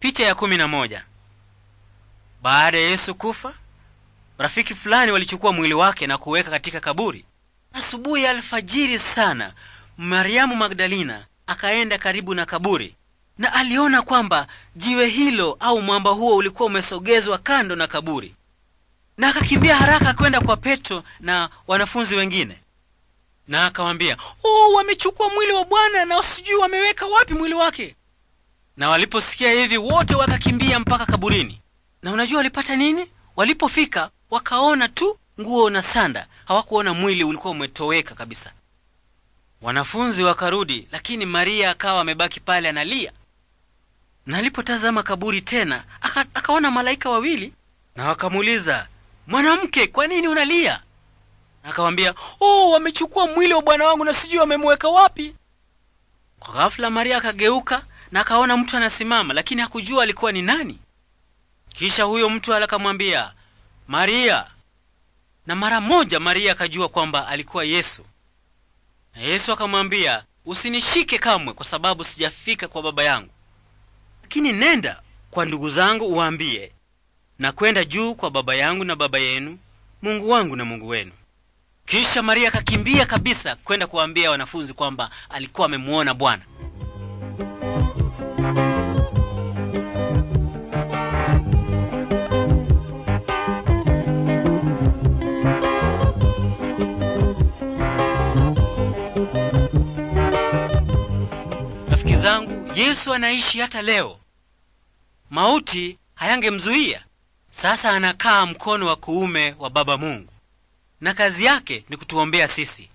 Picha ya kumi na moja. Baada ya Yesu kufa, rafiki fulani walichukua mwili wake na kuweka katika kaburi. Asubuhi alfajiri sana, Mariamu Magdalina akaenda karibu na kaburi na aliona kwamba jiwe hilo au mwamba huo ulikuwa umesogezwa kando na kaburi, na akakimbia haraka kwenda kwa Petro na wanafunzi wengine, na akawambia oh, wamechukua mwili wa Bwana na sijui wameweka wapi mwili wake. Na waliposikia hivi, wote wakakimbia mpaka kaburini. Na unajua walipata nini? Walipofika wakaona tu nguo na sanda, hawakuona mwili, ulikuwa umetoweka kabisa. Wanafunzi wakarudi, lakini Maria akawa amebaki pale analia. Na alipotazama kaburi tena aka, akaona malaika wawili, na wakamuuliza, mwanamke, kwa nini unalia? Akawaambia, oh, wamechukua mwili wa bwana wangu na sijui wamemuweka wapi. Kwa ghafula Maria akageuka na akaona mtu anasimama, lakini hakujua alikuwa ni nani. Kisha huyo mtu akamwambia Maria, na mara moja Maria akajua kwamba alikuwa Yesu. Na Yesu akamwambia, usinishike kamwe, kwa sababu sijafika kwa Baba yangu, lakini nenda kwa ndugu zangu uwaambie, na kwenda juu kwa Baba yangu na Baba yenu, Mungu wangu na Mungu wenu. Kisha Maria akakimbia kabisa kwenda kuwaambia wanafunzi kwamba alikuwa amemuona Bwana. Rafiki zangu, Yesu anaishi hata leo. Mauti hayangemzuia. Sasa anakaa mkono wa kuume wa Baba Mungu, na kazi yake ni kutuombea sisi.